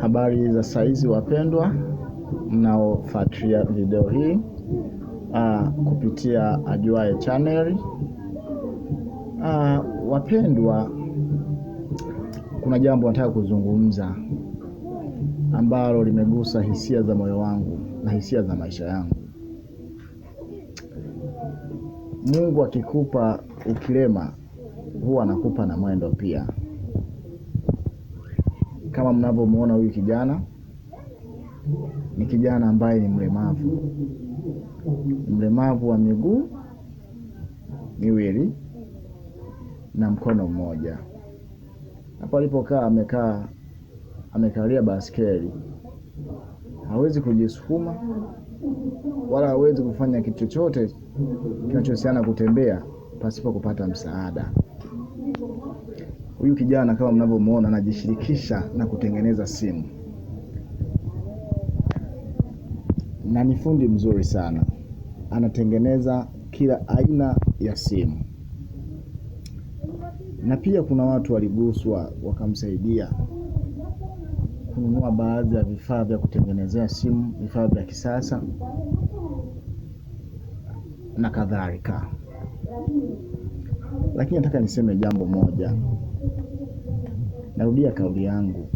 Habari za saizi wapendwa mnaofuatilia video hii uh, kupitia Ajuaye channel. Uh, wapendwa, kuna jambo nataka kuzungumza ambalo limegusa hisia za moyo wangu na hisia za maisha yangu. Mungu akikupa ukilema huwa anakupa na mwendo pia. Kama mnavyomwona huyu kijana ni kijana ambaye ni mlemavu, mlemavu wa miguu miwili na mkono mmoja. Hapo alipokaa amekaa, amekalia baskeli, hawezi kujisukuma wala hawezi kufanya kitu chochote kinachohusiana kutembea pasipo kupata msaada. Huyu kijana kama mnavyomwona anajishirikisha na kutengeneza simu na ni fundi mzuri sana, anatengeneza kila aina ya simu. Na pia kuna watu waliguswa wakamsaidia kununua baadhi ya vifaa vya kutengenezea simu, vifaa vya kisasa na kadhalika. Lakini nataka niseme jambo moja, narudia kauli yangu,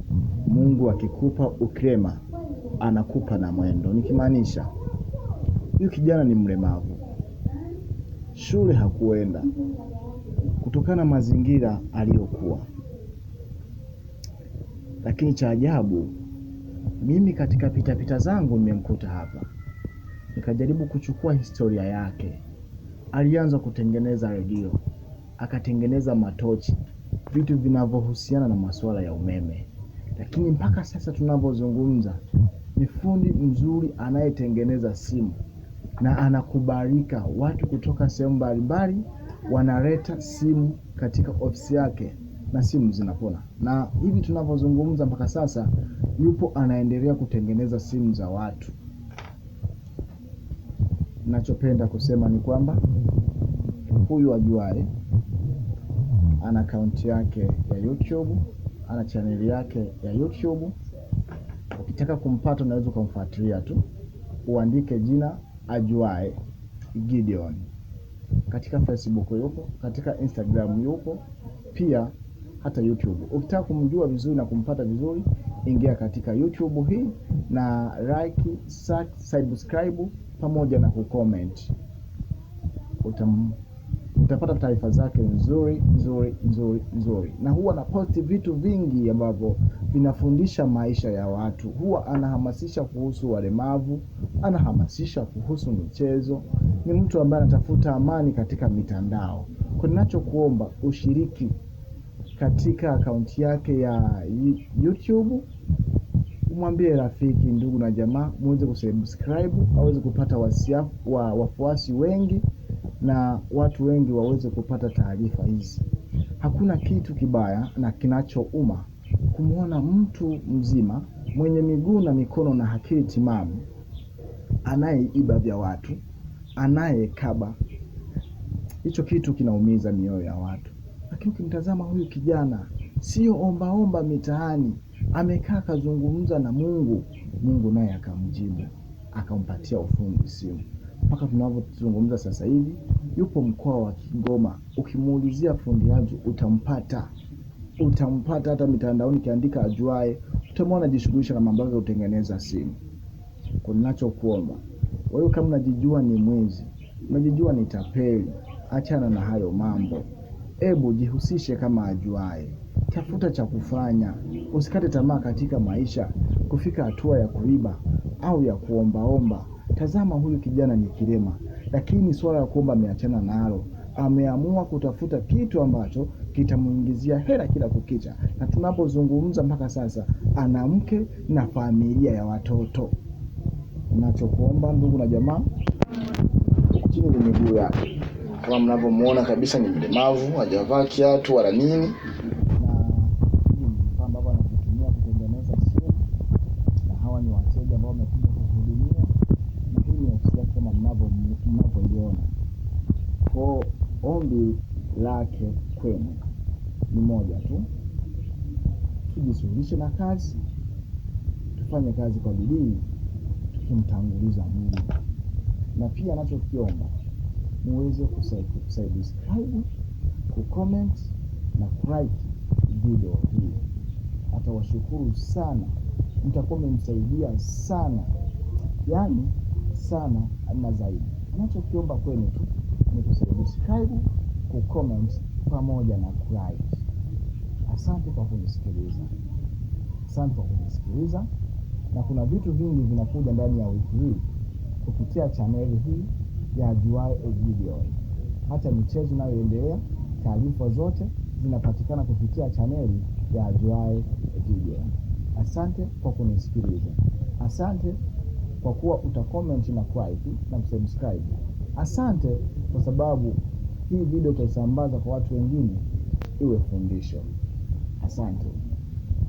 Mungu akikupa ukrema anakupa na mwendo, nikimaanisha huyu kijana ni mlemavu, shule hakuenda kutokana na mazingira aliyokuwa, lakini cha ajabu mimi katika pitapita pita zangu nimemkuta hapa, nikajaribu kuchukua historia yake. Alianza kutengeneza redio akatengeneza matochi, vitu vinavyohusiana na masuala ya umeme. Lakini mpaka sasa tunavyozungumza, ni fundi mzuri anayetengeneza simu na anakubalika. Watu kutoka sehemu mbalimbali wanaleta simu katika ofisi yake na simu zinapona, na hivi tunavyozungumza mpaka sasa yupo anaendelea kutengeneza simu za watu. Nachopenda kusema ni kwamba huyu ajuae ana akaunti yake ya YouTube, ana chaneli yake ya YouTube. Ukitaka kumpata, unaweza ukamfuatilia tu, uandike jina Ajuae Gideon. Katika Facebook yupo, katika Instagram yupo pia, hata YouTube. Ukitaka kumjua vizuri na kumpata vizuri, ingia katika YouTube hii na like, subscribe pamoja na kucomment utam utapata taarifa zake nzuri nzuri nzuri nzuri, na huwa anaposti vitu vingi ambavyo vinafundisha maisha ya watu. Huwa anahamasisha kuhusu walemavu, anahamasisha kuhusu michezo. Ni mtu ambaye anatafuta amani katika mitandao. Kwa ninachokuomba ushiriki katika akaunti yake ya YouTube, umwambie rafiki, ndugu na jamaa muweze kusubscribe aweze kupata wasiafu, wa, wafuasi wengi na watu wengi waweze kupata taarifa hizi. Hakuna kitu kibaya na kinachouma kumwona mtu mzima mwenye miguu na mikono na akili timamu anayeiba vya watu, anayekaba. Hicho kitu kinaumiza mioyo ya watu, lakini ukimtazama huyu kijana sio ombaomba mitaani, amekaa akazungumza na Mungu, Mungu naye akamjibu akampatia ufundi simu mpaka tunavyozungumza sasa hivi yupo mkoa wa Kigoma. Ukimuulizia fundi Haji utampata, utampata hata mitandaoni, kiandika ajuae utamwona anajishughulisha na mambo ya kutengeneza simu. kunachokuomba ninachokuomba wewe, kama unajijua ni mwizi, unajijua ni tapeli, achana na hayo mambo, ebu jihusishe kama ajuae tafuta cha kufanya, usikate tamaa katika maisha kufika hatua ya kuiba au ya kuombaomba. Tazama, huyu kijana ni kilema lakini swala la kuomba ameachana nalo, ameamua kutafuta kitu ambacho kitamuingizia hela kila kukicha, na tunapozungumza mpaka sasa ana mke na familia ya watoto. Nachokuomba ndugu na jamaa, chini ni miguu yake kama mnavyomuona kabisa, ni mlemavu, hajavaa kiatu wala nini. ombi lake kwenu ni moja tu, tujishughulishe na kazi, tufanye kazi kwa bidii, tukimtanguliza Mungu. Na pia anachokiomba muweze kusubscribe, kucomment na kulike video hii. Atawashukuru sana, mtakuwa mmemsaidia sana, yaani sana na zaidi. Anachokiomba kwenu tu ni kusubscribe, kucomment pamoja na kulike. Asante kwa kunisikiliza, asante kwa kunisikiliza, na kuna vitu vingi vinakuja ndani ya wiki hii kupitia chaneli hii ya Juwai Video. Hata michezo inayoendelea, taarifa zote zinapatikana kupitia chaneli ya Juwai Video. Asante kwa kunisikiliza, asante kwa kuwa utakomenti na kulike na kusubscribe. Asante kwa sababu hii video utaisambaza kwa watu wengine iwe fundisho. Asante,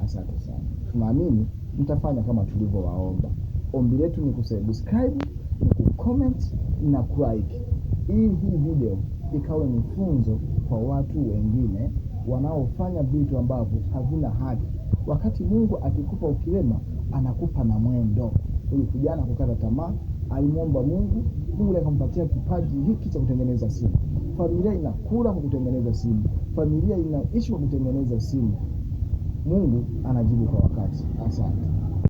asante sana. Tunaamini mtafanya kama tulivyowaomba. Ombi letu ni kusubscribe, ni kucomment na kulike, ili hii video ikawe ni funzo kwa watu wengine wanaofanya vitu ambavyo havina haki. Wakati Mungu akikupa ukilema, anakupa na mwendo. Huyu kijana kukata tamaa, alimwomba Mungu Mungu akampatia kipaji hiki cha kutengeneza simu. Familia inakula kwa kutengeneza simu, familia inaishi kwa kutengeneza simu. Mungu anajibu kwa wakati. Asante.